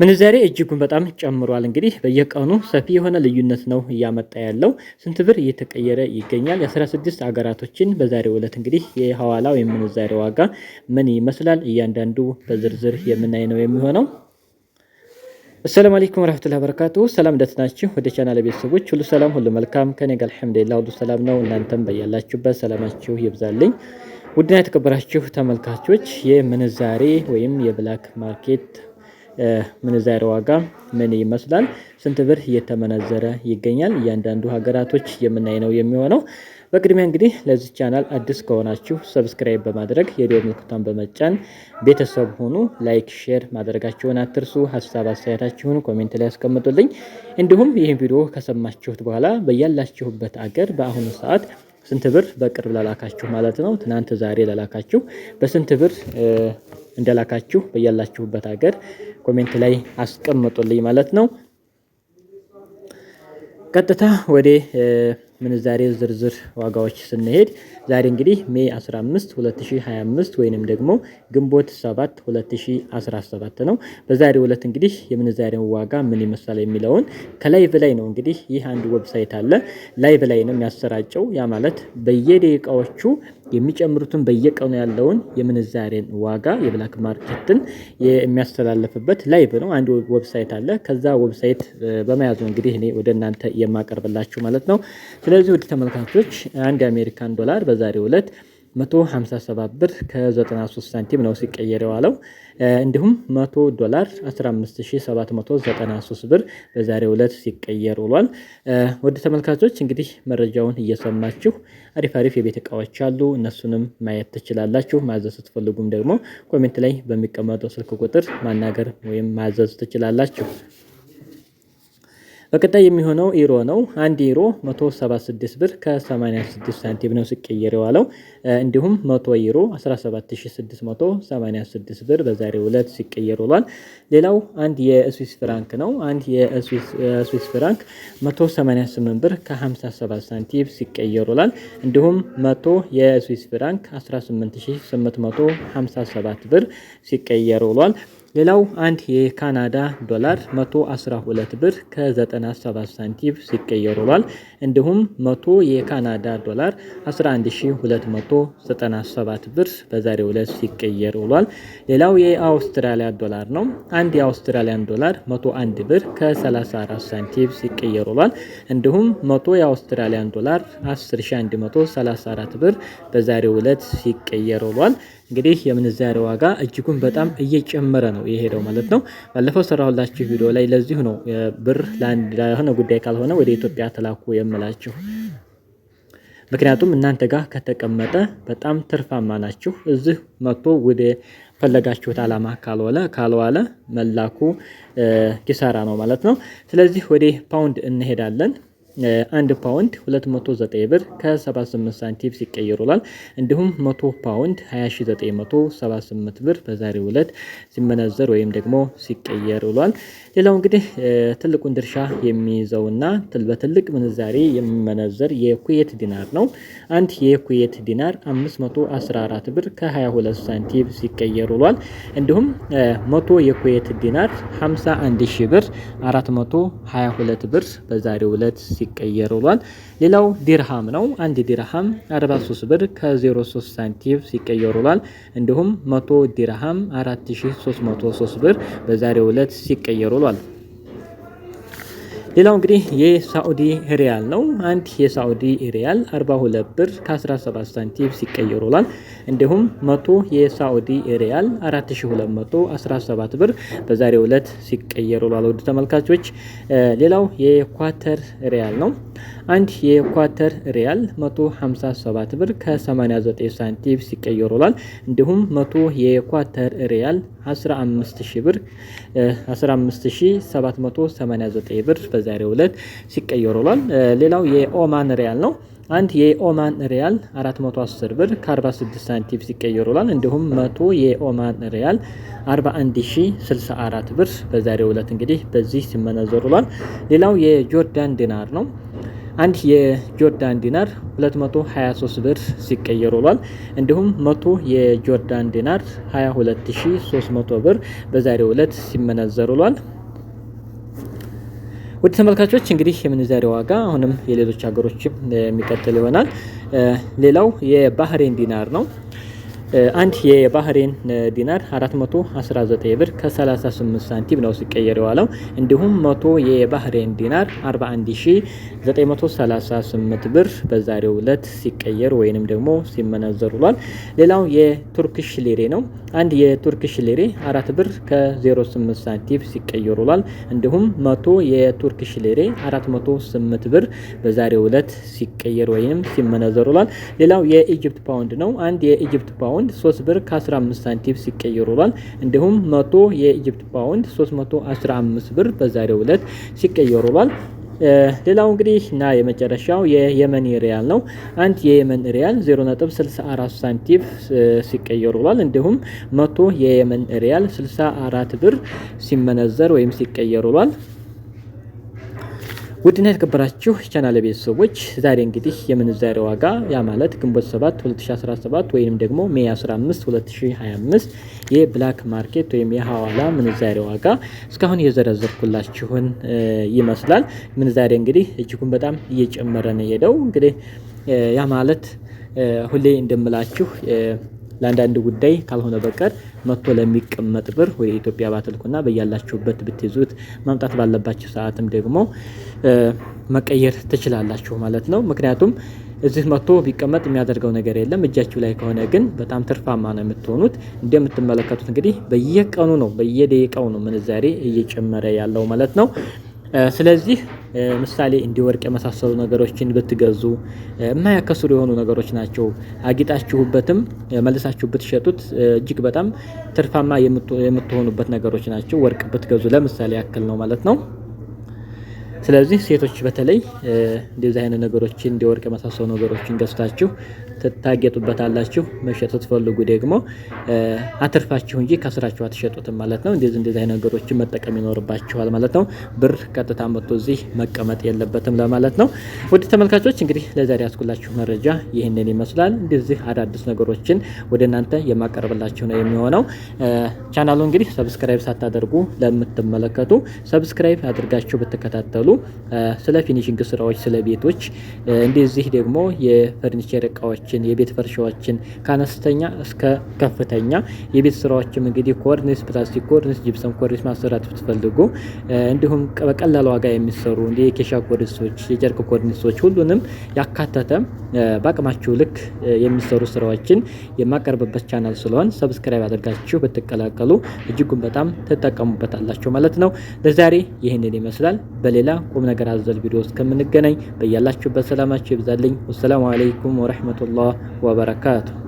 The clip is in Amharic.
ምንዛሬ እጅጉን በጣም ጨምሯል። እንግዲህ በየቀኑ ሰፊ የሆነ ልዩነት ነው እያመጣ ያለው ስንት ብር እየተቀየረ ይገኛል። የ16 ሀገራቶችን በዛሬው ዕለት እንግዲህ የሐዋላ ወይም ምንዛሬ ዋጋ ምን ይመስላል እያንዳንዱ በዝርዝር የምናይ ነው የሚሆነው። አሰላሙ አለይኩም ወራህመቱላሂ ወበረካቱ። ሰላም እንደተናችሁ ወደ ቻናል ቤተሰቦች ሁሉ ሰላም ሁሉ መልካም ከኔ ጋር አልሐምዱሊላህ ሁሉ ሰላም ነው። እናንተም በያላችሁበት ሰላማችሁ ይብዛልኝ። ውድና የተከበራችሁ ተመልካቾች የምንዛሬ ወይም የብላክ ማርኬት ምንዛሬ ዋጋ ምን ይመስላል፣ ስንት ብር እየተመነዘረ ይገኛል፣ እያንዳንዱ ሀገራቶች የምናይ ነው የሚሆነው። በቅድሚያ እንግዲህ ለዚህ ቻናል አዲስ ከሆናችሁ ሰብስክራይብ በማድረግ የደወል ምልክቷን በመጫን ቤተሰብ ሆኑ። ላይክ፣ ሼር ማድረጋችሁን አትርሱ። ሀሳብ አስተያየታችሁን ኮሜንት ላይ ያስቀምጡልኝ። እንዲሁም ይህን ቪዲዮ ከሰማችሁት በኋላ በያላችሁበት አገር በአሁኑ ሰዓት ስንት ብር በቅርብ ለላካችሁ ማለት ነው ትናንት ዛሬ ለላካችሁ በስንት ብር እንደላካችሁ በያላችሁበት ሀገር ኮሜንት ላይ አስቀምጡልኝ ማለት ነው። ቀጥታ ወደ ምንዛሬ ዝርዝር ዋጋዎች ስንሄድ ዛሬ እንግዲህ ሜ 15 2025 ወይንም ደግሞ ግንቦት 7 2017 ነው። በዛሬው ዕለት እንግዲህ የምንዛሬውን ዋጋ ምን ይመስላል የሚለውን ከላይቭ ላይ ነው እንግዲህ ይህ አንድ ዌብሳይት አለ። ላይቭ ላይ ነው የሚያሰራጨው። ያ ማለት በየደቂቃዎቹ የሚጨምሩትን በየቀኑ ያለውን የምንዛሬን ዋጋ የብላክ ማርኬትን የሚያስተላልፍበት ላይቭ ነው። አንድ ዌብሳይት አለ። ከዛ ዌብሳይት በመያዝ እንግዲህ እኔ ወደ እናንተ የማቀርብላችሁ ማለት ነው። ስለዚህ ውድ ተመልካቾች አንድ የአሜሪካን ዶላር በዛሬው ዕለት 157 ብር ከ93 ሳንቲም ነው ሲቀየር የዋለው። እንዲሁም 100 ዶላር 15793 ብር በዛሬው ዕለት ሲቀየር ውሏል። ወደ ተመልካቾች እንግዲህ መረጃውን እየሰማችሁ አሪፍ አሪፍ የቤት እቃዎች አሉ፣ እነሱንም ማየት ትችላላችሁ። ማዘዝ ስትፈልጉም ደግሞ ኮሜንት ላይ በሚቀመጠው ስልክ ቁጥር ማናገር ወይም ማዘዝ ትችላላችሁ። በቀጣይ የሚሆነው ኢሮ ነው። አንድ ኢሮ 176 ብር ከ86 ሳንቲም ነው ሲቀየር የዋለው። እንዲሁም 100 ኢሮ 17686 ብር በዛሬው ዕለት ሲቀየር ውሏል። ሌላው አንድ የስዊስ ፍራንክ ነው። አንድ የስዊስ ፍራንክ 188 ብር ከ57 ሳንቲም ሲቀየር ውሏል። እንዲሁም 100 የስዊስ ፍራንክ 18857 ብር ሲቀየር ውሏል። ሌላው አንድ የካናዳ ዶላር 112 ብር ከ97 ሳንቲም ሲቀየር ውሏል። እንዲሁም 100 የካናዳ ዶላር 11297 ብር በዛሬው ዕለት ሲቀየር ውሏል። ሌላው የአውስትራሊያ ዶላር ነው። አንድ የአውስትራሊያን ዶላር 101 ብር ከ34 ሳንቲም ሲቀየር ውሏል። እንዲሁም 100 የአውስትራሊያን ዶላር 10134 ብር በዛሬው ዕለት ሲቀየር ውሏል። እንግዲህ የምንዛሬ ዋጋ እጅጉን በጣም እየጨመረ ነው የሄደው ማለት ነው። ባለፈው ሰራሁላችሁ ቪዲዮ ላይ ለዚሁ ነው ብር ለሆነ ጉዳይ ካልሆነ ወደ ኢትዮጵያ ተላኩ የምላችሁ። ምክንያቱም እናንተ ጋር ከተቀመጠ በጣም ትርፋማ ናችሁ። እዚህ መጥቶ ወደ ፈለጋችሁት ዓላማ ካልዋለ ካልዋለ መላኩ ኪሳራ ነው ማለት ነው። ስለዚህ ወደ ፓውንድ እንሄዳለን። አንድ ፓውንድ 209 ብር ከ78 ሳንቲም ሲቀየር ውሏል። እንዲሁም 100 ፓውንድ 20978 ብር በዛሬው ዕለት ሲመነዘር ወይም ደግሞ ሲቀየር ውሏል። ሌላው እንግዲህ ትልቁን ድርሻ የሚይዘውና በትልቅ ምንዛሬ የሚመነዘር የኩዌት ዲናር ነው። አንድ የኩዌት ዲናር 514 ብር ከ22 ሳንቲም ሲቀየር ውሏል። እንዲሁም 100 የኩዌት ዲናር 51 ሺ ብር 422 ብር በዛሬው ዕለት ሲቀየር ውሏል። ሌላው ዲርሃም ነው። አንድ ዲርሃም 43 ብር ከ03 ሳንቲም ሲቀየር ውሏል። እንዲሁም 100 ዲርሃም 4303 ብር በዛሬው ዕለት ሲቀየር ውሏል። ሌላው እንግዲህ የሳዑዲ ሪያል ነው። አንድ የሳዑዲ ሪያል 42 ብር ከ17 ሳንቲም ሲቀየር ውሏል። እንዲሁም 100 የሳዑዲ ሪያል 4217 ብር በዛሬው ዕለት ሲቀየር ውሏል። ውድ ተመልካቾች፣ ሌላው የኳተር ሪያል ነው። አንድ የኳተር ሪያል 157 ብር ከ89 ሳንቲም ሲቀየር ውሏል። እንዲሁም 100 የኳተር ሪያል 15000 ብር 15789 ብር በዛሬው ዕለት ሲቀየር ውሏል። ሌላው የኦማን ሪያል ነው። አንድ የኦማን ሪያል 410 ብር ከ46 ሳንቲም ሲቀየር ውሏል። እንዲሁም 100 የኦማን ሪያል 41064 ብር በዛሬው ዕለት እንግዲህ በዚህ ሲመነዘር ውሏል። ሌላው የጆርዳን ዲናር ነው። አንድ የጆርዳን ዲናር 223 ብር ሲቀየር ውሏል። እንዲሁም 100 የጆርዳን ዲናር 22300 ብር በዛሬው ዕለት ሲመነዘር ውሏል። ውድ ተመልካቾች እንግዲህ የምንዛሬ ዋጋ አሁንም የሌሎች ሀገሮችም የሚቀጥል ይሆናል። ሌላው የባህሬን ዲናር ነው። አንድ የባህሬን ዲናር 419 ብር ከ38 ሳንቲም ነው ሲቀየር የዋለው። እንዲሁም 100 የባህሬን ዲናር 41938 ብር በዛሬው ዕለት ሲቀየር ወይንም ደግሞ ሲመነዘር ውሏል። ሌላው የቱርክሽ ሊሬ ነው። አንድ የቱርክሽ ሊሬ 4 ብር ከ08 ሳንቲም ሲቀየር ውሏል። እንዲሁም 100 የቱርክሽ ሊሬ 408 ብር በዛሬው ዕለት ሲቀየር ወይንም ሲመነዘር ውሏል። ሌላው የኢጅፕት ፓውንድ ነው። አንድ የኢጅፕት ፓውንድ ፓውንድ 3 ብር ከ15 ሳንቲም ሲቀየር ውሏል። እንዲሁም 100 የኢጅፕት ፓውንድ 315 ብር በዛሬው ዕለት ሲቀየር ውሏል። ሌላው እንግዲህ እና የመጨረሻው የየመን ሪያል ነው። አንድ የየመን ሪያል 0.64 ሳንቲም ሲቀየር ውሏል። እንዲሁም 100 የየመን ሪያል 64 ብር ሲመነዘር ወይም ሲቀየር ውሏል። ውድና የተከበራችሁ ቻናል ቤተሰቦች ዛሬ እንግዲህ የምንዛሬ ዋጋ ያ ማለት ግንቦት 7 2017 ወይም ደግሞ ሜ 15 2025 የብላክ ማርኬት ወይም የሐዋላ ምንዛሬ ዋጋ እስካሁን የዘረዘርኩላችሁን ይመስላል። ምንዛሬ እንግዲህ እጅጉን በጣም እየጨመረ ነው የሄደው። እንግዲህ ያ ማለት ሁሌ እንደምላችሁ ለአንዳንድ ጉዳይ ካልሆነ በቀር መጥቶ ለሚቀመጥ ብር ወደ ኢትዮጵያ ባትልኩና በያላችሁበት ብትይዙት ማምጣት ባለባችሁ ሰዓትም ደግሞ መቀየር ትችላላችሁ ማለት ነው። ምክንያቱም እዚህ መጥቶ ቢቀመጥ የሚያደርገው ነገር የለም። እጃችሁ ላይ ከሆነ ግን በጣም ትርፋማ ነው የምትሆኑት። እንደምትመለከቱት እንግዲህ በየቀኑ ነው በየደቂቃው ነው ምንዛሬ እየጨመረ ያለው ማለት ነው። ስለዚህ ምሳሌ እንዲ ወርቅ የመሳሰሉ ነገሮችን ብትገዙ የማያከስሩ የሆኑ ነገሮች ናቸው። አጊጣችሁበትም መልሳችሁ ብትሸጡት እጅግ በጣም ትርፋማ የምትሆኑበት ነገሮች ናቸው። ወርቅ ብትገዙ ለምሳሌ ያክል ነው ማለት ነው። ስለዚህ ሴቶች በተለይ እንደዚህ አይነት ነገሮችን እንደ ወርቅ የመሳሰሉ ነገሮችን ገዝታችሁ ትታጌጡበታላችሁ። መሸጥ ስትፈልጉ ደግሞ አትርፋችሁ እንጂ ከስራችሁ አትሸጡትም ማለት ነው። እንደዚህ እንደዚህ ነገሮችን መጠቀም ይኖርባችኋል ማለት ነው። ብር ቀጥታ መጥቶ እዚህ መቀመጥ የለበትም ለማለት ነው። ውድ ተመልካቾች እንግዲህ ለዛሬ ያስኩላችሁ መረጃ ይህንን ይመስላል። እንደዚህ አዳዲስ ነገሮችን ወደ እናንተ የማቀርብላችሁ ነው የሚሆነው። ቻናሉ እንግዲህ ሰብስክራይብ ሳታደርጉ ለምትመለከቱ ሰብስክራይብ አድርጋችሁ ብትከታተሉ ስለ ፊኒሽንግ ስራዎች፣ ስለ ቤቶች እንደዚህ ደግሞ የፈርኒቸር እቃዎች ስራዎችን የቤት ፈርሻዎችን ከአነስተኛ እስከ ከፍተኛ የቤት ስራዎችም እንግዲህ ኮርኒስ፣ ፕላስቲክ ኮርኒስ፣ ጅብሰም ኮርኒስ ማሰራት ብትፈልጉ እንዲሁም በቀላል ዋጋ የሚሰሩ እንደ የኬሻ ኮርኒሶች፣ የጨርቅ ኮርኒሶች ሁሉንም ያካተተ በአቅማችሁ ልክ የሚሰሩ ስራዎችን የማቀርብበት ቻናል ስለሆን ሰብስክራይብ አድርጋችሁ ብትቀላቀሉ እጅጉን በጣም ትጠቀሙበታላችሁ ማለት ነው። ለዛሬ ይህንን ይመስላል። በሌላ ቁም ነገር አዘል ቪዲዮ እስከምንገናኝ በያላችሁበት ሰላማችሁ ይብዛልኝ። ወሰላሙ አለይኩም ወረህመቱላ الله وبركاته